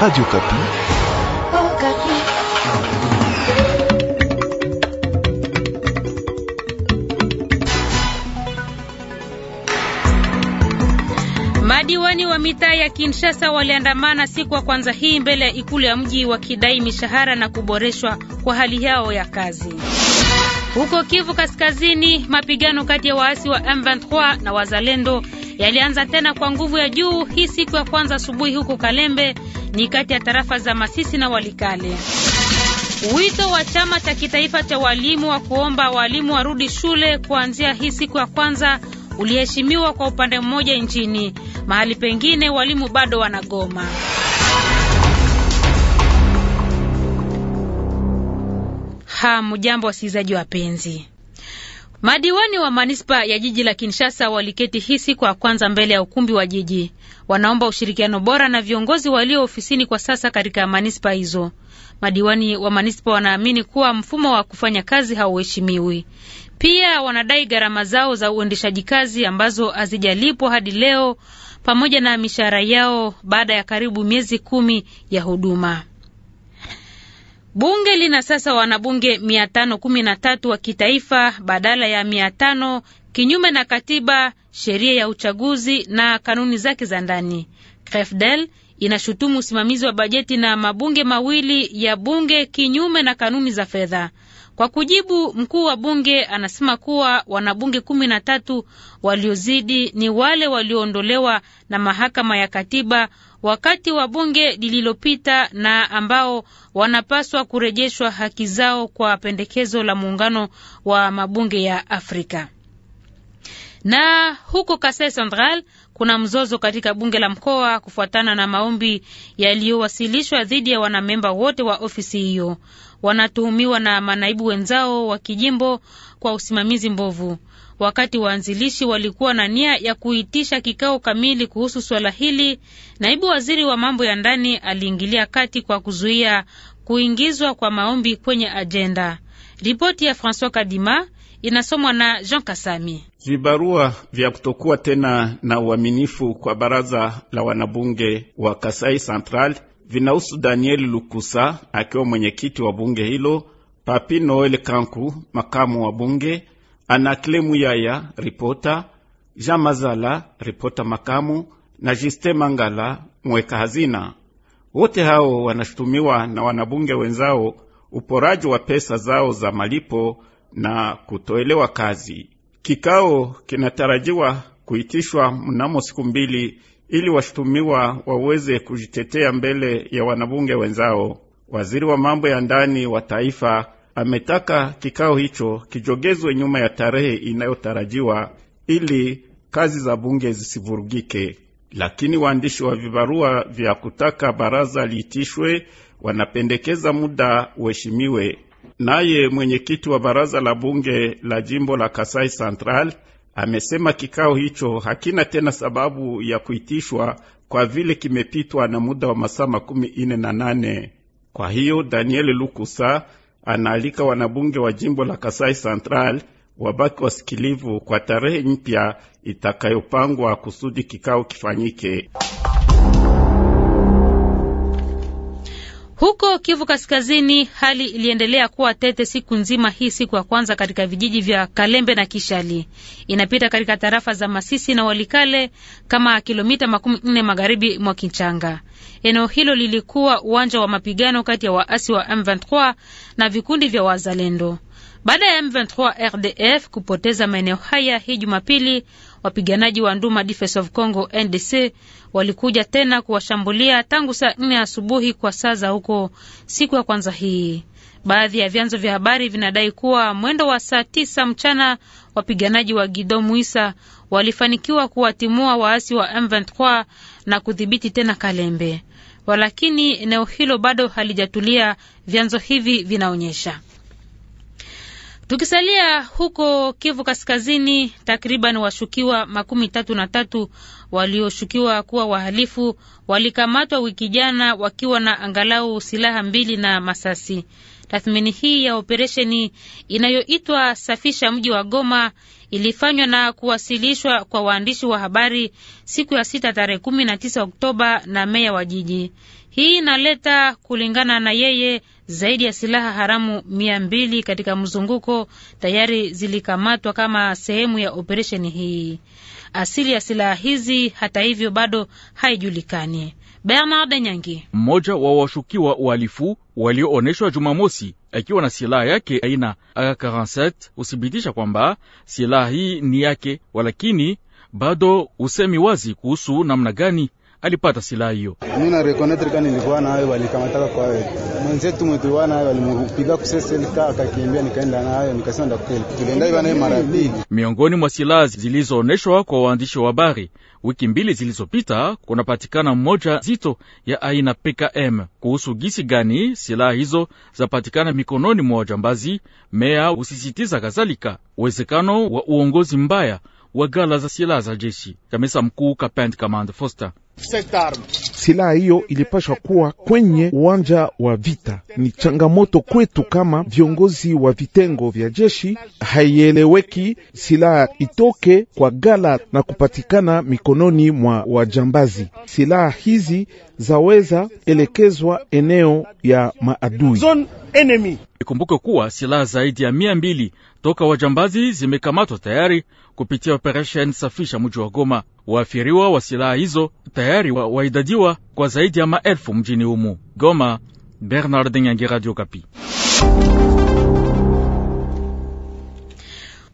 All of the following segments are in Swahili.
Radio Kapi. Oh, Kapi. Madiwani wa mitaa ya Kinshasa waliandamana siku ya kwanza hii mbele ya ikulu ya mji wakidai mishahara na kuboreshwa kwa hali yao ya kazi. Huko Kivu Kaskazini, mapigano kati ya waasi wa M23 na wazalendo yalianza tena kwa nguvu ya juu hii siku ya kwanza asubuhi huko Kalembe, ni kati ya tarafa za Masisi na Walikale. Wito wa chama cha kitaifa cha walimu wa kuomba walimu warudi shule kuanzia hii siku ya kwanza uliheshimiwa kwa upande mmoja nchini. Mahali pengine walimu bado wanagoma. Hamjambo wasikilizaji wapenzi. Madiwani wa manispa ya jiji la Kinshasa waliketi hisi kwa kwanza mbele ya ukumbi wa jiji. Wanaomba ushirikiano bora na viongozi walio ofisini kwa sasa katika manispa hizo. Madiwani wa manispa wanaamini kuwa mfumo wa kufanya kazi hauheshimiwi. Pia wanadai gharama zao za uendeshaji kazi ambazo hazijalipwa hadi leo, pamoja na mishahara yao baada ya karibu miezi kumi ya huduma. Bunge lina sasa wanabunge mia tano kumi na tatu wa kitaifa badala ya mia tano kinyume na katiba, sheria ya uchaguzi na kanuni zake za ndani. CREFDEL inashutumu usimamizi wa bajeti na mabunge mawili ya bunge kinyume na kanuni za fedha. Kwa kujibu, mkuu wa bunge anasema kuwa wanabunge kumi na tatu waliozidi ni wale walioondolewa na mahakama ya katiba wakati wa bunge lililopita na ambao wanapaswa kurejeshwa haki zao kwa pendekezo la muungano wa mabunge ya Afrika. Na huko Kasai Central kuna mzozo katika bunge la mkoa kufuatana na maombi yaliyowasilishwa dhidi ya wanamemba wote wa ofisi hiyo wanatuhumiwa na manaibu wenzao wa kijimbo kwa usimamizi mbovu. Wakati waanzilishi walikuwa na nia ya kuitisha kikao kamili kuhusu swala hili, naibu waziri wa mambo ya ndani aliingilia kati kwa kuzuia kuingizwa kwa maombi kwenye ajenda. Ripoti ya Francois Kadima inasomwa na Jean Kasami. Vibarua vya kutokuwa tena na uaminifu kwa baraza la wanabunge wa Kasai Central vinahusu Daniel Lukusa akiwa mwenyekiti wa bunge hilo, Papi Noel Kanku makamu wa bunge, Anakle Muyaya ripota, Jean Mazala ripota makamu na Jiste Mangala mweka hazina. Wote hao wanashutumiwa na wanabunge wenzao uporaji wa pesa zao za malipo na kutoelewa kazi. Kikao kinatarajiwa kuitishwa mnamo siku mbili ili washtumiwa waweze kujitetea mbele ya wanabunge wenzao. Waziri wa mambo ya ndani wa taifa ametaka kikao hicho kijogezwe nyuma ya tarehe inayotarajiwa ili kazi za bunge zisivurugike. Lakini waandishi wa vibarua vya kutaka baraza liitishwe wanapendekeza muda uheshimiwe. Naye mwenyekiti wa baraza la bunge la jimbo la Kasai Central Amesema kikao hicho hakina tena sababu ya kuitishwa kwa vile kimepitwa na muda wa masaa makumi ine na nane. Kwa hiyo Daniel Lukusa anaalika wanabunge wa jimbo la Kasai Central wabaki wasikilivu kwa tarehe mpya itakayopangwa kusudi kikao kifanyike. Huko Kivu Kaskazini, hali iliendelea kuwa tete siku nzima hii siku ya kwanza katika vijiji vya Kalembe na Kishali. Inapita katika tarafa za Masisi na Walikale kama kilomita makumi nne magharibi mwa Kinchanga. Eneo hilo lilikuwa uwanja wa mapigano kati ya waasi wa M23 na vikundi vya wazalendo. Baada ya M23 RDF kupoteza maeneo haya hii Jumapili, Wapiganaji wa Nduma Defense of Congo NDC walikuja tena kuwashambulia tangu saa nne asubuhi kwa saa za huko siku ya kwanza hii. Baadhi ya vyanzo vya habari vinadai kuwa mwendo wa saa tisa mchana wapiganaji wa Gido Muisa walifanikiwa kuwatimua waasi wa M23 na kudhibiti tena Kalembe, walakini eneo hilo bado halijatulia, vyanzo hivi vinaonyesha. Tukisalia huko Kivu Kaskazini, takriban washukiwa makumi tatu na tatu walioshukiwa kuwa wahalifu walikamatwa wiki jana wakiwa na angalau silaha mbili na masasi. Tathmini hii ya operesheni inayoitwa safisha mji wa Goma ilifanywa na kuwasilishwa kwa waandishi wa habari siku ya sita tarehe kumi na tisa Oktoba na meya wa jiji. Hii inaleta kulingana na yeye zaidi ya silaha haramu mia mbili katika mzunguko tayari zilikamatwa kama sehemu ya operesheni hii. Asili ya silaha hizi hata hivyo bado haijulikani. Bernard Nyangi, mmoja wa washukiwa uhalifu walioonyeshwa Jumamosi akiwa na silaha yake aina AK47, huthibitisha kwamba silaha hii ni yake, walakini bado usemi wazi kuhusu namna gani alipata silaha hiyo. Mimi na reconnaître kani nilikuwa nayo, walikamataka kwa wewe mwenzetu mwetu wana nayo kusese kuseselika, akakimbia, nikaenda nayo nikasema ndakupeli, tulienda iva naye mara mbili. Miongoni mwa silaha zilizoonyeshwa kwa waandishi wa habari wiki mbili zilizopita, kunapatikana mmoja zito ya aina PKM. Kuhusu gisi gani silaha hizo zapatikana mikononi mwa wajambazi, meya usisitiza kadhalika uwezekano wa uongozi mbaya wa gala za silaha za jeshi. Kamisa mkuu Kapend Command Foster Silaha hiyo ilipashwa kuwa kwenye uwanja wa vita. Ni changamoto kwetu kama viongozi wa vitengo vya jeshi. Haieleweki silaha itoke kwa gala na kupatikana mikononi mwa wajambazi. Silaha hizi zaweza elekezwa eneo ya maadui. Ikumbuke kuwa silaha zaidi ya mia mbili toka wajambazi zimekamatwa tayari kupitia operesheni safisha mji wa Goma. Waathiriwa wa silaha hizo tayari waidajiwa wa kwa zaidi ya maelfu mjini humu. Goma, Bernard Nyange, Radio Kapi.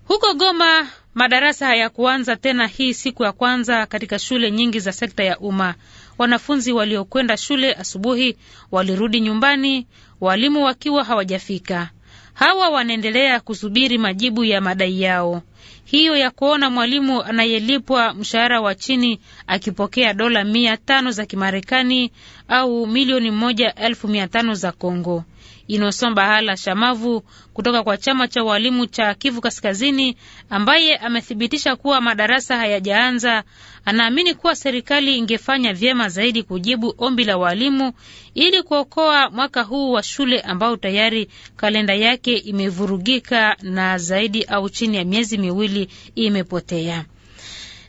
Huko Goma madarasa hayakuanza tena hii siku ya kwanza katika shule nyingi za sekta ya umma. Wanafunzi waliokwenda shule asubuhi walirudi nyumbani, walimu wakiwa hawajafika. Hawa wanaendelea kusubiri majibu ya madai yao hiyo ya kuona mwalimu anayelipwa mshahara wa chini akipokea dola mia tano za Kimarekani au milioni moja elfu mia tano za Kongo. Inosomba Hala Shamavu kutoka kwa chama cha walimu cha Kivu Kaskazini, ambaye amethibitisha kuwa madarasa hayajaanza. Anaamini kuwa serikali ingefanya vyema zaidi kujibu ombi la walimu ili kuokoa mwaka huu wa shule ambao tayari kalenda yake imevurugika na zaidi au chini ya miezi miwili imepotea.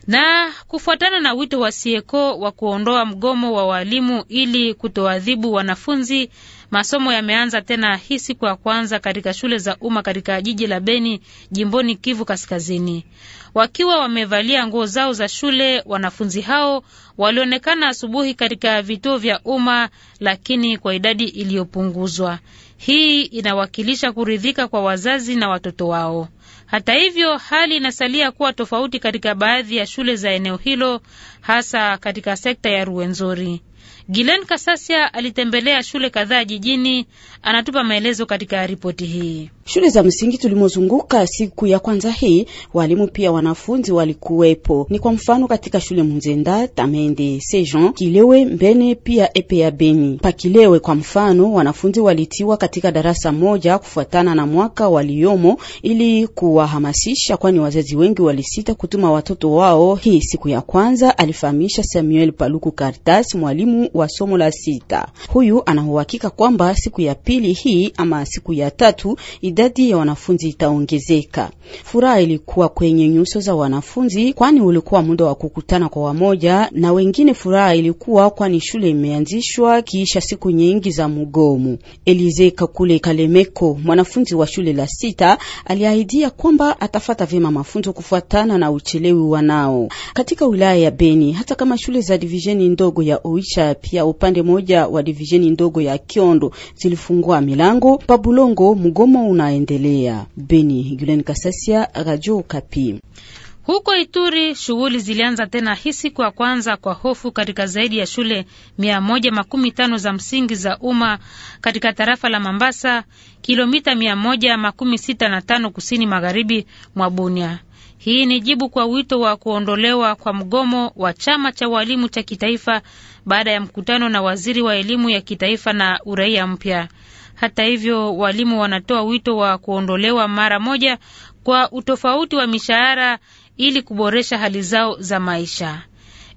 Na kufuatana na wito wa Sieko wa kuondoa mgomo wa walimu ili kutoadhibu wanafunzi, Masomo yameanza tena hii siku ya kwanza katika shule za umma katika jiji la Beni, jimboni Kivu Kaskazini. Wakiwa wamevalia nguo zao za shule, wanafunzi hao walionekana asubuhi katika vituo vya umma, lakini kwa idadi iliyopunguzwa. Hii inawakilisha kuridhika kwa wazazi na watoto wao. Hata hivyo, hali inasalia kuwa tofauti katika baadhi ya shule za eneo hilo, hasa katika sekta ya Ruwenzori. Gilen Kasasia alitembelea shule kadhaa jijini, anatupa maelezo katika ripoti hii. Shule za msingi tulimozunguka siku ya kwanza hii, walimu pia wanafunzi walikuwepo. Ni kwa mfano katika shule Munzenda, Tamende, Sejon, Kilewe, Mbene pia epe ya Beni. Pakilewe kwa mfano, wanafunzi walitiwa katika darasa moja kufuatana na mwaka waliomo ili kuwahamasisha, kwani wazazi wengi walisita kutuma watoto wao hii siku ya kwanza, alifahamisha Samuel Paluku Kartas, mwalimu wa somo la sita. Huyu anauhakika kwamba siku ya pili hii ama siku ya tatu idadi ya wanafunzi itaongezeka. Furaha ilikuwa kwenye nyuso za wanafunzi, kwani ulikuwa muda wa kukutana kwa wamoja, na wengine furaha ilikuwa kwani shule imeanzishwa kiisha siku nyingi za mgomo. Elize kakule Kalemeko, mwanafunzi wa shule la sita, aliahidia kwamba atafata vyema mafunzo kufuatana na uchelewi wanao katika wilaya ya Beni. Hata kama shule za divisheni ndogo ya Oicha pia upande moja wa divisheni ndogo ya Kiondo zilifungua milango, Pabulongo mgomo una unaendelea. Beni, Gulen Kasasia, Radio Kapi. Huko Ituri shughuli zilianza tena hii siku ya kwanza kwa hofu katika zaidi ya shule mia moja makumi tano za msingi za umma katika tarafa la Mambasa, kilomita mia moja makumi sita na tano kusini magharibi mwa Bunia. Hii ni jibu kwa wito wa kuondolewa kwa mgomo wa chama cha walimu cha kitaifa baada ya mkutano na waziri wa elimu ya kitaifa na uraia mpya. Hata hivyo, walimu wanatoa wito wa kuondolewa mara moja kwa utofauti wa mishahara ili kuboresha hali zao za maisha.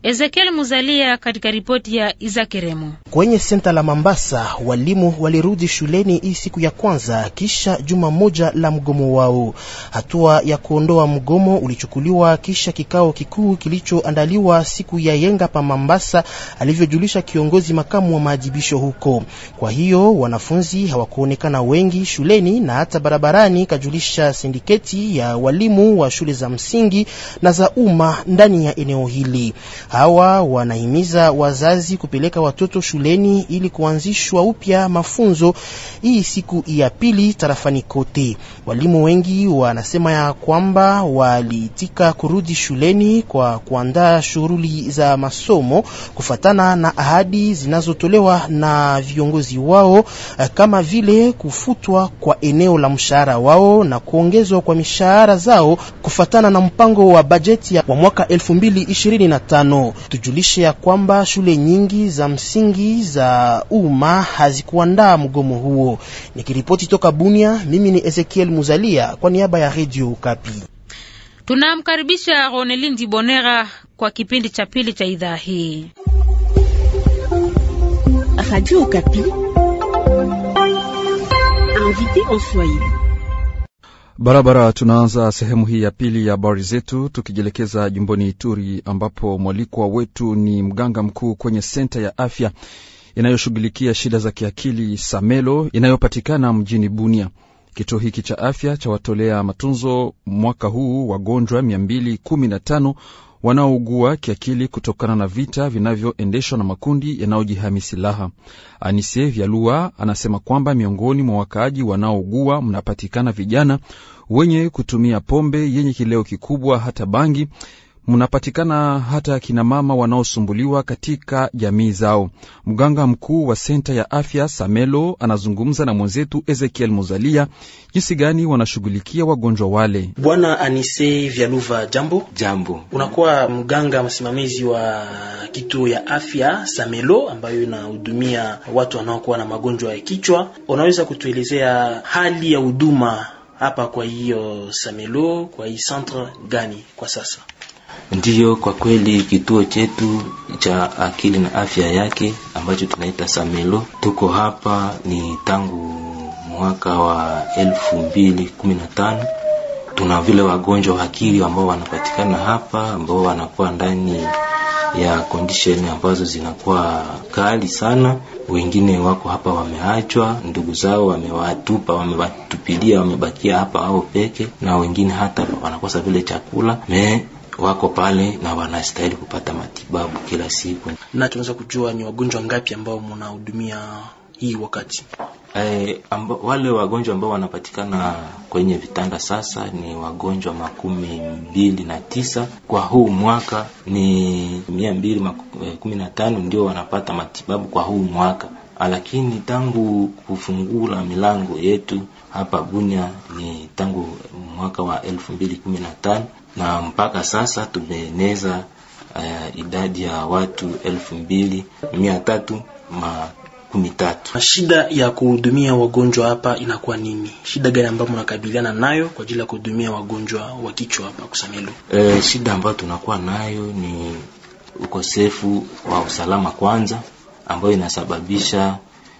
Ezekiel Muzalia katika ripoti ya Izakeremo. Kwenye senta la Mambasa, walimu walirudi shuleni hii siku ya kwanza kisha juma moja la mgomo wao. Hatua ya kuondoa mgomo ulichukuliwa kisha kikao kikuu kilichoandaliwa siku ya yenga pa Mambasa, alivyojulisha kiongozi makamu wa maajibisho huko. Kwa hiyo wanafunzi hawakuonekana wengi shuleni na hata barabarani, kajulisha sindiketi ya walimu wa shule za msingi na za umma ndani ya eneo hili. Hawa wanahimiza wazazi kupeleka watoto shuleni ili kuanzishwa upya mafunzo hii siku ya pili tarafani kote. Walimu wengi wanasema ya kwamba waliitika kurudi shuleni kwa kuandaa shughuli za masomo kufatana na ahadi zinazotolewa na viongozi wao, kama vile kufutwa kwa eneo la mshahara wao na kuongezwa kwa mishahara zao kufatana na mpango wa bajeti wa mwaka 2025 tano. Tujulishe ya kwamba shule nyingi za msingi za umma hazikuandaa mgomo huo. Nikiripoti toka Bunia, mimi ni Ezekiel Muzalia kwa niaba ya Radio Ukapi. Tunamkaribisha Ronelin Dibonera kwa kipindi cha pili cha idhaa hii. Radio Kapi. Invité en Swahili. Barabara tunaanza sehemu hii ya pili ya habari zetu tukijielekeza jimboni Ituri, ambapo mwalikwa wetu ni mganga mkuu kwenye senta ya afya inayoshughulikia shida za kiakili Samelo inayopatikana mjini Bunia. Kituo hiki cha afya chawatolea matunzo mwaka huu wagonjwa 215 wanaougua kiakili kutokana na vita vinavyoendeshwa na makundi yanayojihami silaha. Anise Vyalua anasema kwamba miongoni mwa wakaaji wanaougua mnapatikana vijana wenye kutumia pombe yenye kileo kikubwa, hata bangi mnapatikana hata kina mama wanaosumbuliwa katika jamii zao. Mganga mkuu wa senta ya afya Samelo anazungumza na mwenzetu Ezekiel Muzalia jinsi gani wanashughulikia wagonjwa wale. Bwana Anise Vyaluva, jambo jambo. Unakuwa mganga msimamizi wa kituo ya afya Samelo ambayo inahudumia watu wanaokuwa na magonjwa ya kichwa. Unaweza kutuelezea hali ya huduma hapa kwa hiyo Samelo, kwa hii centre gani kwa sasa? Ndiyo, kwa kweli kituo chetu cha akili na afya yake ambacho tunaita Samelo, tuko hapa ni tangu mwaka wa elfu mbili kumi na tano. Tuna vile wagonjwa wa akili ambao wanapatikana hapa ambao wanakuwa ndani ya condition ambazo zinakuwa kali sana. Wengine wako hapa wameachwa, ndugu zao wamewatupa, wamewatupilia, wamebakia hapa hao peke, na wengine hata wanakosa vile chakula me wako pale na wanastahili kupata matibabu kila siku. Na tunaweza kujua ni wagonjwa ngapi ambao mnahudumia hii wakati? E, amba, wale wagonjwa ambao wanapatikana kwenye vitanda sasa ni wagonjwa makumi mbili na tisa kwa huu mwaka ni mia mbili eh, kumi na tano ndio wanapata matibabu kwa huu mwaka, lakini tangu kufungula milango yetu hapa bunya ni tangu mwaka wa elfu mbili kumi na tano na mpaka sasa tumeeneza uh, idadi ya watu elfu mbili mia tatu makumi tatu. Shida ya kuhudumia wagonjwa hapa inakuwa nini? Shida gani ambayo mnakabiliana nayo kwa ajili ya kuhudumia wagonjwa wa kichwa hapa Kusamelu? Uh, eh, shida ambayo tunakuwa nayo ni ukosefu wa usalama kwanza, ambayo inasababisha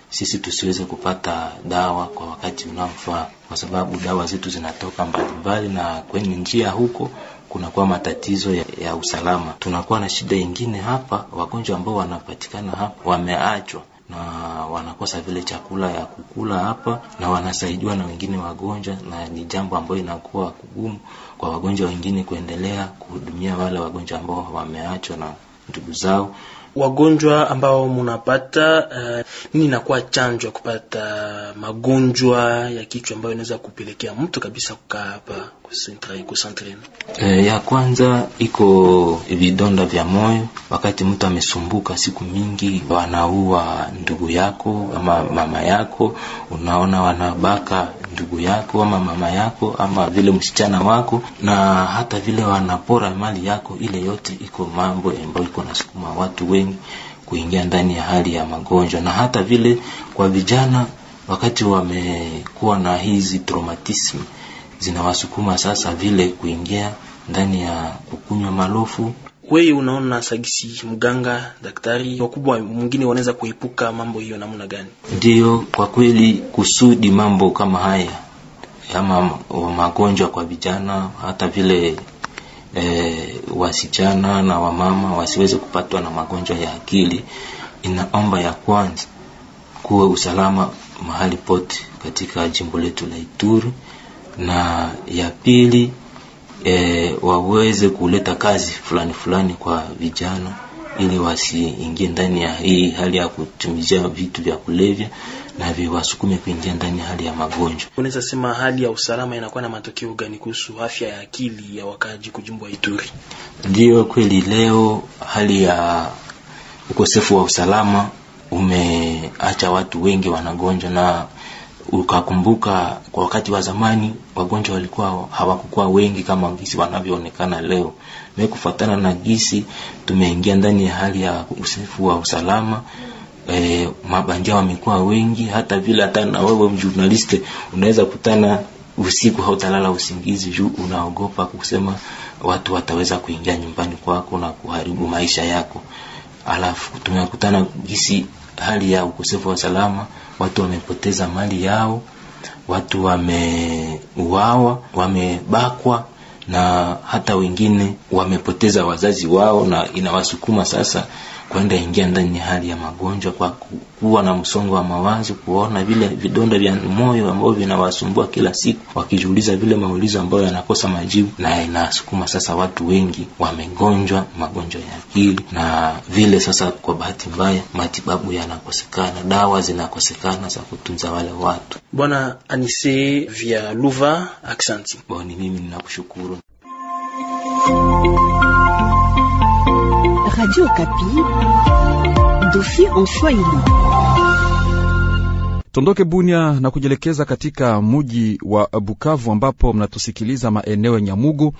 sisi tusiweze kupata dawa kwa wakati unaofaa kwa sababu dawa zetu zinatoka mbalimbali, na kwenye njia huko kunakuwa matatizo ya, ya usalama. Tunakuwa na shida ingine hapa, wagonjwa ambao wanapatikana hapa wameachwa na wanakosa vile chakula ya kukula hapa, na wanasaidiwa na wengine wagonjwa, na ni jambo ambayo inakuwa kugumu kwa wagonjwa wengine kuendelea kuhudumia wale wagonjwa ambao wameachwa na ndugu zao wagonjwa ambao munapata uh, nini inakuwa chanjo ya kupata magonjwa ya kichwa ambayo inaweza kupelekea mtu kabisa kukaa hapa kusantrena? E, eh, ya kwanza iko vidonda vya moyo. Wakati mtu amesumbuka siku mingi, wanaua ndugu yako ama mama yako, unaona wanabaka ndugu yako ama mama yako ama vile msichana wako, na hata vile wanapora mali yako ile yote, iko mambo ambayo iko nasukuma watu wengi nyingi kuingia ndani ya hali ya magonjwa, na hata vile kwa vijana wakati wamekuwa na hizi traumatism zinawasukuma sasa vile kuingia ndani ya kukunywa malofu. Wewe unaona sagisi, mganga, daktari wakubwa mwingine wanaweza kuepuka mambo hiyo namna gani? Ndiyo, kwa kweli kusudi mambo kama haya ama magonjwa kwa vijana hata vile e, wasichana na wamama wasiweze kupatwa na magonjwa ya akili, inaomba ya kwanza kuwe usalama mahali pote katika jimbo letu la Ituri, na ya pili e, waweze kuleta kazi fulani fulani kwa vijana ili wasiingie ndani ya hii hali ya kutumizia vitu vya kulevya na viwasukume kuingia ndani ya hali ya magonjwa. Unaweza sema hali ya usalama inakuwa na matokeo gani kuhusu afya ya akili ya wakaaji kujumbwa Ituri? Ndiyo kweli, leo hali ya ukosefu wa usalama umeacha watu wengi wanagonjwa na ukakumbuka kwa wakati wa zamani wagonjwa walikuwa hawakukuwa wengi kama gisi wanavyoonekana leo me kufatana na gisi tumeingia ndani ya hali ya ukosefu wa usalama e, mabandia wamekuwa wengi, hata vile hata na wewe mjurnaliste unaweza kutana usiku hautalala usingizi juu unaogopa kusema watu wataweza kuingia nyumbani kwako na kuharibu maisha yako. Alafu tumekutana gisi hali ya ukosefu wa salama, watu wamepoteza mali yao, watu wameuawa, wamebakwa na hata wengine wamepoteza wazazi wao, na inawasukuma sasa kwenda ingia ndani ya hali ya magonjwa kwa kuwa na msongo wa mawazo, kuona vile vidonda vya moyo ambavyo vinawasumbua kila siku, wakijiuliza vile maulizo ambayo yanakosa majibu, na inasukuma sasa watu wengi wamegonjwa magonjwa ya akili, na vile sasa, kwa bahati mbaya, matibabu yanakosekana, dawa zinakosekana za kutunza wale watu. Bwana Anise vya Luva, aksanti. Boni, mimi ninakushukuru. Radio Kapi, dofi en Swahili. Tondoke Bunia na kujielekeza katika muji wa Bukavu ambapo mnatusikiliza maeneo ya Nyamugu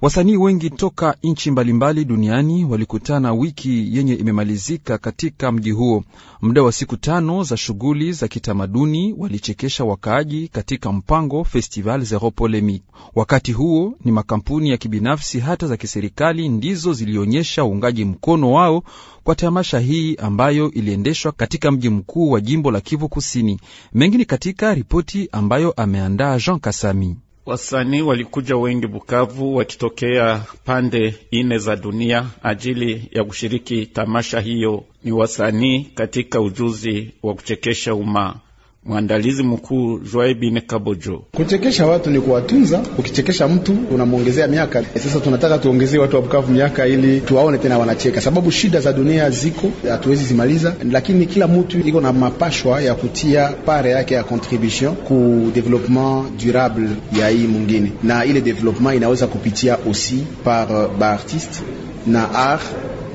Wasanii wengi toka nchi mbalimbali duniani walikutana wiki yenye imemalizika katika mji huo. Muda wa siku tano za shughuli za kitamaduni walichekesha wakaaji katika mpango Festival Zero Polemique. Wakati huo ni makampuni ya kibinafsi hata za kiserikali ndizo zilionyesha uungaji mkono wao kwa tamasha hii ambayo iliendeshwa katika mji mkuu wa jimbo la Kivu Kusini. mengi ni katika ripoti ambayo ameandaa Jean Kasami. Wasanii walikuja wengi Bukavu wakitokea pande ine za dunia ajili ya kushiriki tamasha hiyo. Ni wasanii katika ujuzi wa kuchekesha umma. Mwandalizi mkuu joae Bine Kabojo: kuchekesha watu ni kuwatunza. Ukichekesha mtu unamwongezea miaka. Eh, sasa tunataka tuongezee watu wa Bukavu miaka ili tuwaone tena wanacheka, sababu shida za dunia ziko, hatuwezi zimaliza, lakini kila mtu iko na mapashwa ya kutia pare yake ya contribution ku development durable ya hii mwingine, na ile development inaweza kupitia aussi par baartiste na art,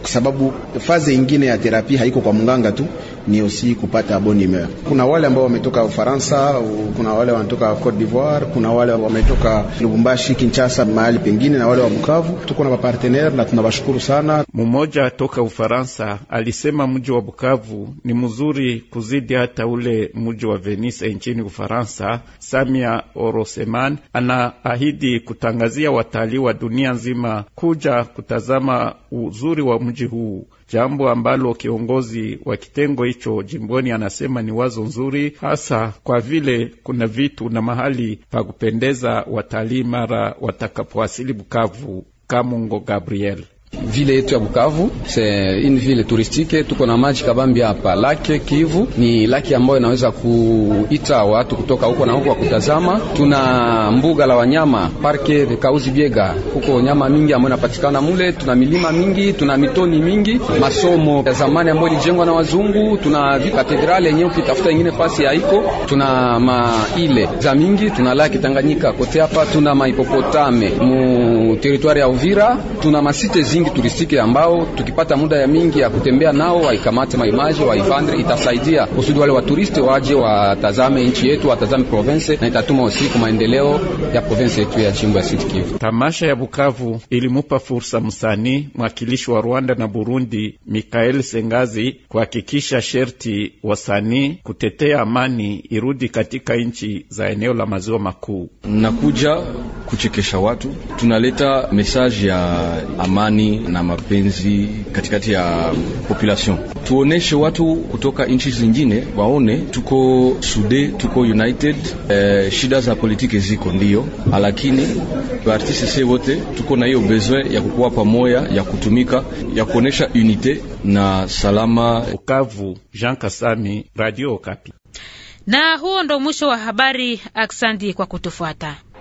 kwa sababu faze ingine ya terapi haiko kwa mganga tu ni aussi kupata humeur. Kuna wale ambao wametoka Ufaransa, kuna wale wanatoka Cote d'Ivoire, kuna wale wametoka Lubumbashi, Kinshasa, mahali pengine na wale wa Bukavu. Tuko na mapartenere na tunawashukuru sana. Mmoja toka Ufaransa alisema mji wa Bukavu ni mzuri kuzidi hata ule mji wa Venice nchini Ufaransa. Samia Oroseman anaahidi kutangazia watalii wa dunia nzima kuja kutazama uzuri wa mji huu jambo ambalo kiongozi wa kitengo hicho jimboni anasema ni wazo nzuri, hasa kwa vile kuna vitu na mahali pa kupendeza watalii mara watakapowasili Bukavu. Kamungo Gabriel vile yetu ya Bukavu se une ville touristique, tuko na maji kabambi hapa lake Kivu. Ni lake ambayo inaweza kuita watu kutoka huko na huko wa kutazama. Tuna mbuga la wanyama parke de Kauzi Biega, huko nyama mingi ambayo inapatikana mule. Tuna milima mingi, tuna mitoni mingi, masomo ya zamani ambayo ilijengwa na wazungu. Tuna vikatedrale yenyewe ukitafuta ingine fasi haiko. Tuna maile za mingi, tuna lake Tanganyika kote hapa. Tuna maipopotame mu territoire ya Uvira, tuna masite zingi mingi turistiki ambao tukipata muda ya mingi ya kutembea nao, waikamate maimaji waivandre, itasaidia kusudi wale waturisti waje watazame nchi yetu, watazame province na itatuma usiku maendeleo ya province yetu ya jimbo ya City Kivu. Tamasha ya Bukavu ilimupa fursa msanii mwakilishi wa Rwanda na Burundi Mikael Sengazi kuhakikisha sherti wasanii kutetea amani irudi katika nchi za eneo la maziwa makuu. Nakuja kuchekesha watu, tunaleta mesaji ya amani na mapenzi katikati ya population. Tuoneshe watu kutoka nchi zingine waone tuko sude, tuko united. E, shida za politiki ziko ndio, lakini artiste se wote tuko na hiyo besoin ya kukuwa pamoja, ya kutumika, ya kuonesha unite na salama. ukavu Jean Kasami, Radio Okapi. Na huo ndo mwisho wa habari. Aksandi kwa kutufuata.